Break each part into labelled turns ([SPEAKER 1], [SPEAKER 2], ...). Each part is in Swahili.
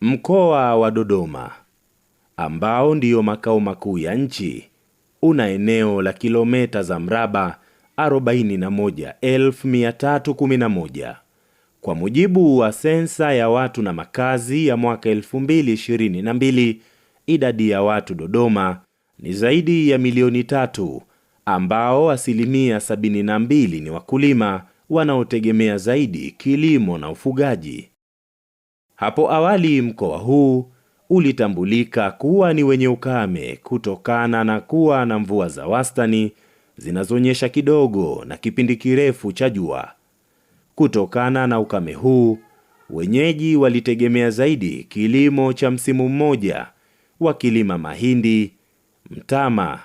[SPEAKER 1] Mkoa wa Dodoma ambao ndiyo makao makuu ya nchi una eneo la kilomita za mraba 41,311 kwa mujibu wa sensa ya watu na makazi ya mwaka 2022. Idadi ya watu Dodoma ni zaidi ya milioni tatu, ambao asilimia 72 ni wakulima wanaotegemea zaidi kilimo na ufugaji. Hapo awali mkoa huu ulitambulika kuwa ni wenye ukame kutokana na kuwa na mvua za wastani zinazonyesha kidogo na kipindi kirefu cha jua. Kutokana na ukame huu, wenyeji walitegemea zaidi kilimo cha msimu mmoja, wakilima mahindi, mtama,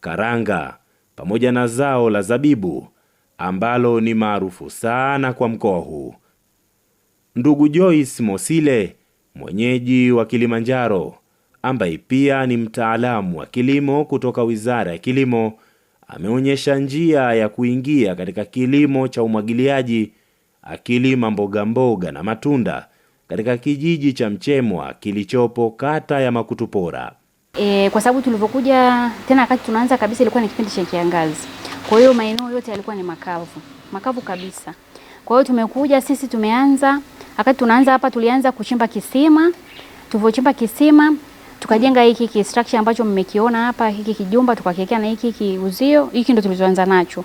[SPEAKER 1] karanga pamoja na zao la zabibu ambalo ni maarufu sana kwa mkoa huu ndugu Joyce Mosile, mwenyeji wa Kilimanjaro, ambaye pia ni mtaalamu wa kilimo kutoka Wizara ya Kilimo, ameonyesha njia ya kuingia katika kilimo cha umwagiliaji, akilima mboga mboga na matunda katika kijiji cha Mchemwa kilichopo kata ya Makutupora.
[SPEAKER 2] E, kwa sababu tulivyokuja tena wakati tunaanza kabisa ilikuwa ni kipindi cha kiangazi, kwa hiyo maeneo yote yalikuwa ni makavu makavu kabisa. Kwa hiyo tumekuja sisi tumeanza, wakati tunaanza hapa tulianza kuchimba kisima. Tulivyochimba kisima tukajenga hiki ki structure ambacho mmekiona hapa, hiki kijumba tukakiwekea na hiki kiuzio, hiki ndo tulichoanza nacho.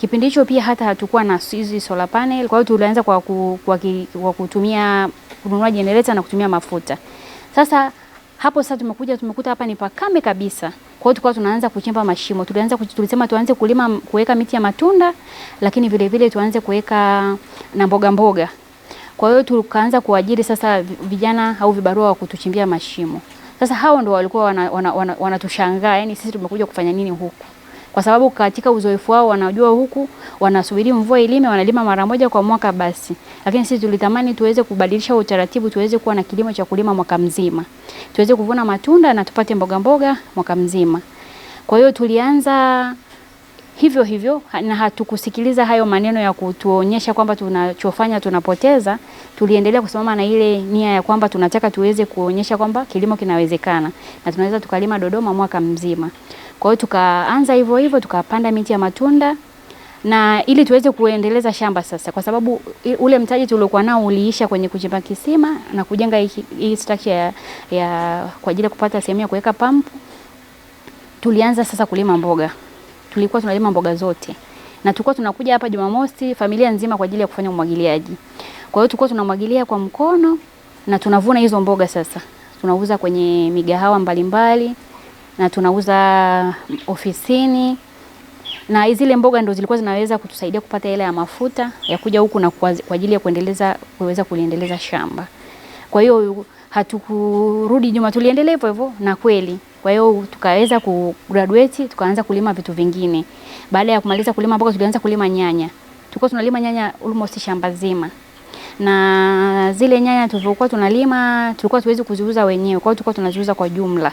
[SPEAKER 2] Kipindi hicho pia hata hatukuwa na hizi solar panel, kwa hiyo tulianza kwa, ku, kwa, ki, kwa kutumia kununua generator na kutumia mafuta. Sasa hapo sasa tumekuja tumekuta hapa ni pakame kabisa. Kwa hiyo tukawa tunaanza kuchimba mashimo. Tulianza tulisema tuanze kulima kuweka miti ya matunda, lakini vile vile tuanze kuweka na mboga mboga. Kwa hiyo tukaanza kuajiri sasa vijana au vibarua wa kutuchimbia mashimo. Sasa hao ndio walikuwa wanatushangaa, wana, wana, wana yani sisi tumekuja kufanya nini huku? kwa sababu katika uzoefu wao wanajua huku wanasubiri mvua ilime, wanalima mara moja kwa mwaka basi. Lakini sisi tulitamani tuweze kubadilisha utaratibu, tuweze kuwa na kilimo cha kulima mwaka mzima, tuweze kuvuna matunda na tupate mboga mboga mwaka mzima. Kwa hiyo tulianza hivyo hivyo na hatukusikiliza hayo maneno ya kutuonyesha kwamba tunachofanya tunapoteza. Tuliendelea kusimama na ile nia ya kwamba tunataka tuweze kuonyesha kwamba kilimo kinawezekana na tunaweza tukalima Dodoma mwaka mzima. Kwa hiyo tukaanza hivyo hivyo tukapanda miti ya matunda na ili tuweze kuendeleza shamba sasa, kwa sababu ule mtaji tuliokuwa nao uliisha kwenye kuchimba kisima na kujenga hii structure ya, ya kwa ajili ya kupata sehemu ya kuweka pump. Tulianza sasa kulima mboga, tulikuwa tunalima mboga zote na tulikuwa tunakuja hapa Jumamosi familia nzima kwa ajili ya kufanya umwagiliaji. Kwa hiyo tulikuwa tunamwagilia kwa mkono na tunavuna hizo mboga sasa, tunauza kwenye migahawa mbalimbali mbali na tunauza ofisini, na zile mboga ndo zilikuwa zinaweza kutusaidia kupata hela ya mafuta ya kuja huku na kwa ajili ya kuendeleza kuweza kuliendeleza shamba. Kwa hiyo hatukurudi nyuma, tuliendelea hivyo hivyo, na kweli kwa hiyo tukaweza ku graduate tukaanza kulima vitu vingine. Baada ya kumaliza kulima mboga, tulianza kulima nyanya. Tulikuwa tunalima nyanya almost shamba zima, na zile nyanya tulivyokuwa tunalima tulikuwa tuwezi kuziuza wenyewe, kwa hiyo tulikuwa tunaziuza kwa jumla.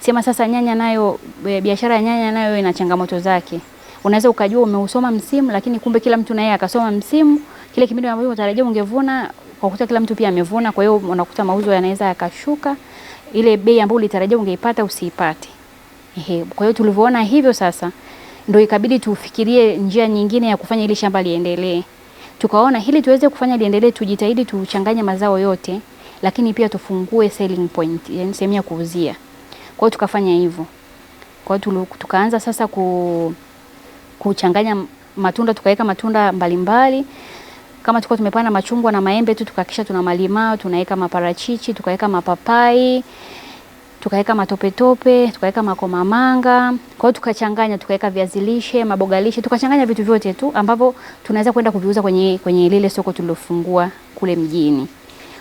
[SPEAKER 2] Sema sasa nyanya nayo, e, biashara ya nyanya nayo ina changamoto zake. Unaweza ukajua umeusoma msimu, lakini kumbe kila mtu naye akasoma msimu kile kipindi ambacho unatarajia ungevuna, kwa kukuta kila mtu pia amevuna, kwa hiyo unakuta mauzo yanaweza yakashuka, ile bei ambayo ulitarajia ungeipata usiipate. Ehe, kwa hiyo tulivyoona hivyo sasa ndio ikabidi tufikirie njia nyingine ya kufanya ili shamba liendelee. Tukaona hili tuweze kufanya liendelee, tujitahidi tuchanganye mazao yote, lakini pia tufungue selling point, yani sehemu ya kuuzia. Kwa hiyo tukafanya hivyo. Kwa hiyo tukaanza sasa ku, kuchanganya matunda tukaweka matunda mbalimbali mbali. Kama tulikuwa tumepanda machungwa na maembe tu tukahakisha tuna malimao, tunaweka maparachichi, tukaweka mapapai, tukaweka matopetope, tukaweka makomamanga. Kwa hiyo tukachanganya, tukaweka viazi lishe, maboga lishe, tukachanganya vitu vyote tu ambavyo tunaweza kwenda kuviuza kwenye kwenye lile soko tulilofungua kule mjini.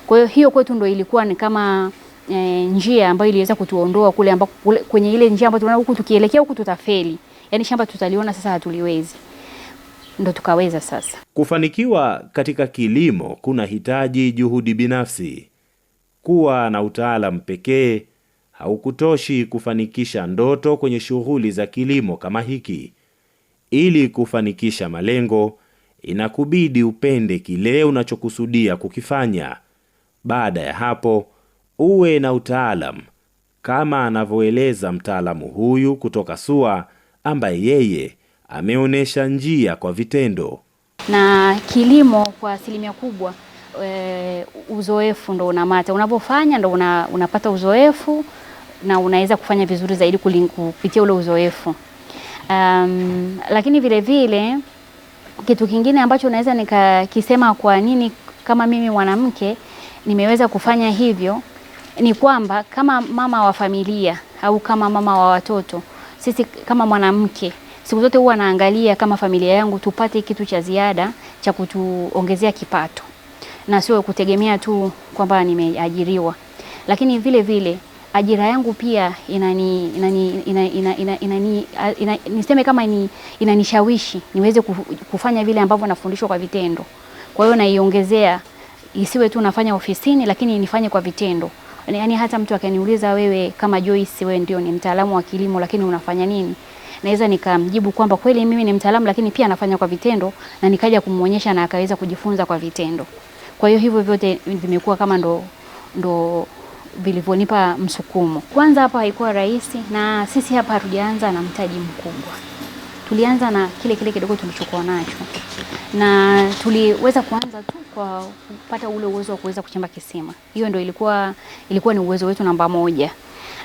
[SPEAKER 2] Kwa hiyo hiyo kwetu ndio ilikuwa ni kama e, njia ambayo iliweza kutuondoa kule ambako kwenye ile njia ambayo tunaona huku tukielekea huku tutafeli, yaani shamba tutaliona sasa hatuliwezi, ndo tukaweza sasa.
[SPEAKER 1] Kufanikiwa katika kilimo kuna hitaji juhudi binafsi. Kuwa na utaalam pekee haukutoshi kufanikisha ndoto kwenye shughuli za kilimo kama hiki. Ili kufanikisha malengo, inakubidi upende kile unachokusudia kukifanya. Baada ya hapo uwe na utaalam kama anavyoeleza mtaalamu huyu kutoka SUA ambaye yeye ameonyesha njia kwa vitendo.
[SPEAKER 2] Na kilimo kwa asilimia kubwa e, uzoefu ndo unamata, unapofanya ndo una, unapata uzoefu na unaweza kufanya vizuri zaidi kupitia ule uzoefu. Um, lakini vile vile kitu kingine ambacho naweza nikakisema kwa nini kama mimi mwanamke nimeweza kufanya hivyo ni kwamba kama mama wa familia au kama mama wa watoto, sisi kama mwanamke siku zote huwa naangalia kama familia yangu tupate kitu cha ziada cha kutuongezea kipato na sio kutegemea tu kwamba nimeajiriwa, lakini vile vile ajira yangu pia inani, inani, inani, inani, inani, inani, niseme kama ni, inanishawishi niweze kufanya vile ambavyo nafundishwa kwa vitendo. Kwa hiyo naiongezea, isiwe tu nafanya ofisini, lakini nifanye kwa vitendo yani hata mtu akaniuliza wewe, kama Joyce, wewe ndio ni mtaalamu wa kilimo, lakini unafanya nini? Naweza nikamjibu kwamba kweli mimi ni mtaalamu, lakini pia anafanya kwa vitendo, na nikaja kumuonyesha na akaweza kujifunza kwa vitendo. Kwa hiyo hivyo vyote vimekuwa kama ndo, ndo vilivyonipa msukumo. Kwanza hapa haikuwa rahisi, na sisi hapa hatujaanza na mtaji mkubwa, tulianza na kile kile kidogo tulichokuwa nacho na tuliweza kuanza tu kwa kupata ule uwezo wa kuweza kuchimba kisima. Hiyo ndio ilikuwa, ilikuwa ni uwezo wetu namba moja.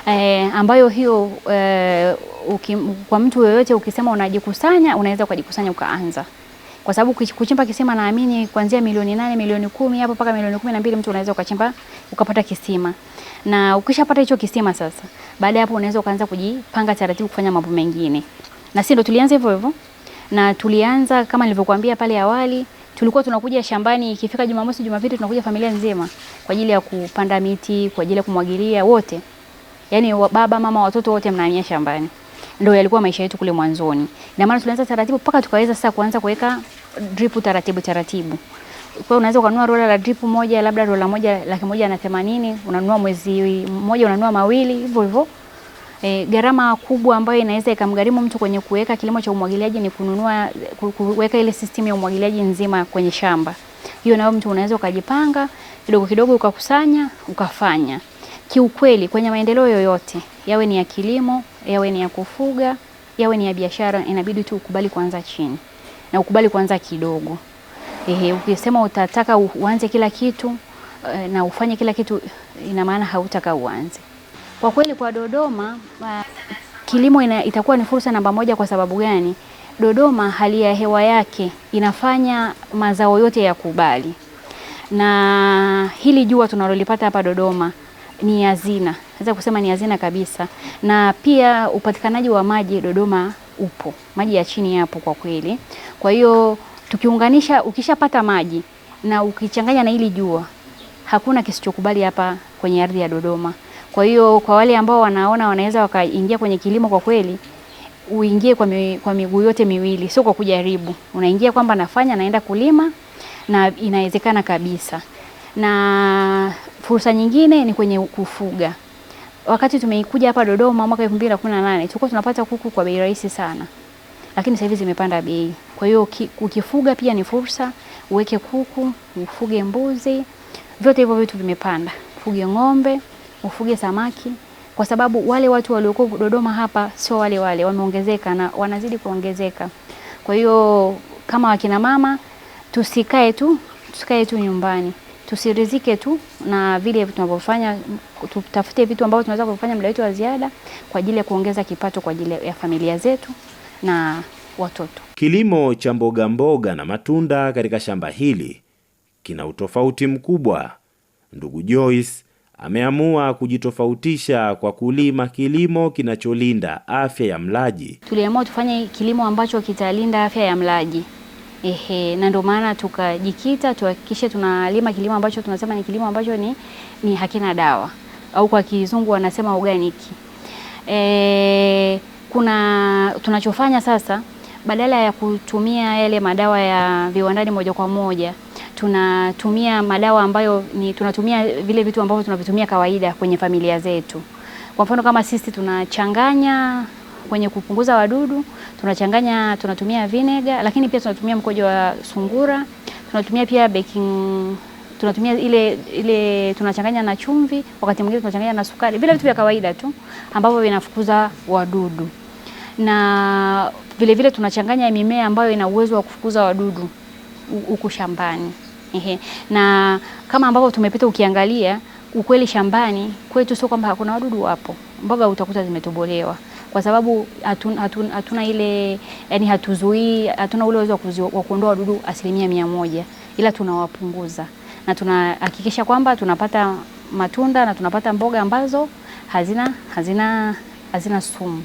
[SPEAKER 2] E, ambayo hiyo e, uki, kwa mtu yoyote ukisema unajikusanya unaweza ukajikusanya ukaanza, kwa sababu kuchimba kisima naamini kuanzia milioni nane milioni kumi hapo mpaka milioni kumi na mbili mtu unaweza ukachimba ukapata kisima, na ukishapata hicho kisima sasa, baada ya hapo unaweza ukaanza kujipanga taratibu kufanya mambo mengine, na si ndio tulianza hivyo hivyo na tulianza kama nilivyokuambia pale awali, tulikuwa tunakuja shambani ikifika Jumamosi, Jumapili tunakuja familia nzima kwa ajili ya kupanda miti, kwa ajili ya kumwagilia wote. yani baba, mama, watoto wote mnahamia shambani. Ndio yalikuwa maisha yetu kule mwanzoni. Na maana tulianza taratibu mpaka tukaweza sasa kuanza kuweka drip taratibu taratibu. Kwa unaweza kununua rola la drip moja labda rola moja laki moja na themanini, unanunua mwezi mmoja, unanunua mawili, hivyo hivyo. E, gharama kubwa ambayo inaweza ikamgharimu mtu kwenye kuweka kilimo cha umwagiliaji ni kununua kuweka ile system ya umwagiliaji nzima kwenye shamba. Hiyo nayo mtu unaweza ukajipanga kidogo kidogo ukakusanya ukafanya. Kiukweli kwenye maendeleo yoyote, yawe ni ya kilimo, yawe ni ya kufuga, yawe ni ya biashara, inabidi tu ukubali kuanza chini na ukubali kuanza kidogo. Ehe, ukisema utataka uanze kila kitu e, na ufanye kila kitu, ina maana hautaka uanze. Kwa kweli kwa Dodoma uh, kilimo ina, itakuwa ni fursa namba moja. Kwa sababu gani? Dodoma hali ya hewa yake inafanya mazao yote yakubali, na hili jua tunalolipata hapa Dodoma ni hazina, naweza kusema ni hazina kabisa. Na pia upatikanaji wa maji Dodoma upo, maji ya chini yapo kwa kweli. Kwa hiyo tukiunganisha, ukishapata maji na ukichanganya na hili jua, hakuna kisichokubali hapa kwenye ardhi ya Dodoma. Kwa hiyo kwa wale ambao wanaona wanaweza wakaingia kwenye kilimo, kwa kweli uingie kwa, mi, kwa miguu yote miwili, sio kwa kujaribu. Unaingia kwamba nafanya naenda kulima na inawezekana kabisa. Na fursa nyingine ni kwenye kufuga. Wakati tumeikuja hapa Dodoma mwaka 2018 tulikuwa tunapata kuku kwa bei rahisi sana, lakini sasa hivi zimepanda bei. Kwa hiyo ukifuga pia ni fursa, uweke kuku, ufuge mbuzi, vyote hivyo vitu vimepanda, fuge ng'ombe ufuge samaki, kwa sababu wale watu waliokuwa Dodoma hapa sio wale wale, wameongezeka na wanazidi kuongezeka. Kwa hiyo kama wakina mama tusikae tu, tusikae tu nyumbani, tusirizike tu na vile tunavyofanya, tutafute vitu ambavyo tunaweza kufanya muda wetu wa ziada kwa ajili ya kuongeza kipato kwa ajili ya familia zetu na watoto.
[SPEAKER 1] Kilimo cha mboga mboga na matunda katika shamba hili kina utofauti mkubwa. Ndugu Joyce ameamua kujitofautisha kwa kulima kilimo kinacholinda afya ya mlaji.
[SPEAKER 2] Tuliamua tufanye kilimo ambacho kitalinda afya ya mlaji. Ehe, na ndio maana tukajikita tuhakikishe tunalima kilimo ambacho tunasema ni kilimo ambacho ni, ni hakina dawa au kwa kizungu wanasema organic. E, kuna tunachofanya sasa badala ya kutumia yale madawa ya viwandani moja kwa moja tunatumia madawa ambayo ni tunatumia vile vitu ambavyo tunavitumia kawaida kwenye familia zetu. Kwa mfano kama sisi tunachanganya kwenye kupunguza wadudu, tunachanganya tunatumia vinega, lakini pia tunatumia mkojo wa sungura, tunatumia pia baking tunatumia ile ile tunachanganya na chumvi, wakati mwingine tunachanganya na sukari, vile vitu vya kawaida tu ambavyo vinafukuza wadudu, na vile vile tunachanganya mimea ambayo ina uwezo wa kufukuza wadudu huku shambani. Ehe. Na kama ambavyo tumepita ukiangalia ukweli shambani kwetu sio kwamba hakuna wadudu, wapo. Mboga utakuta zimetobolewa kwa sababu hatun, hatun, hatuna ile yani, hatuzuii, hatuna ule uwezo wa kuondoa wadudu asilimia mia moja, ila tunawapunguza na tunahakikisha kwamba tunapata matunda na tunapata mboga ambazo hazina hazina hazina sumu.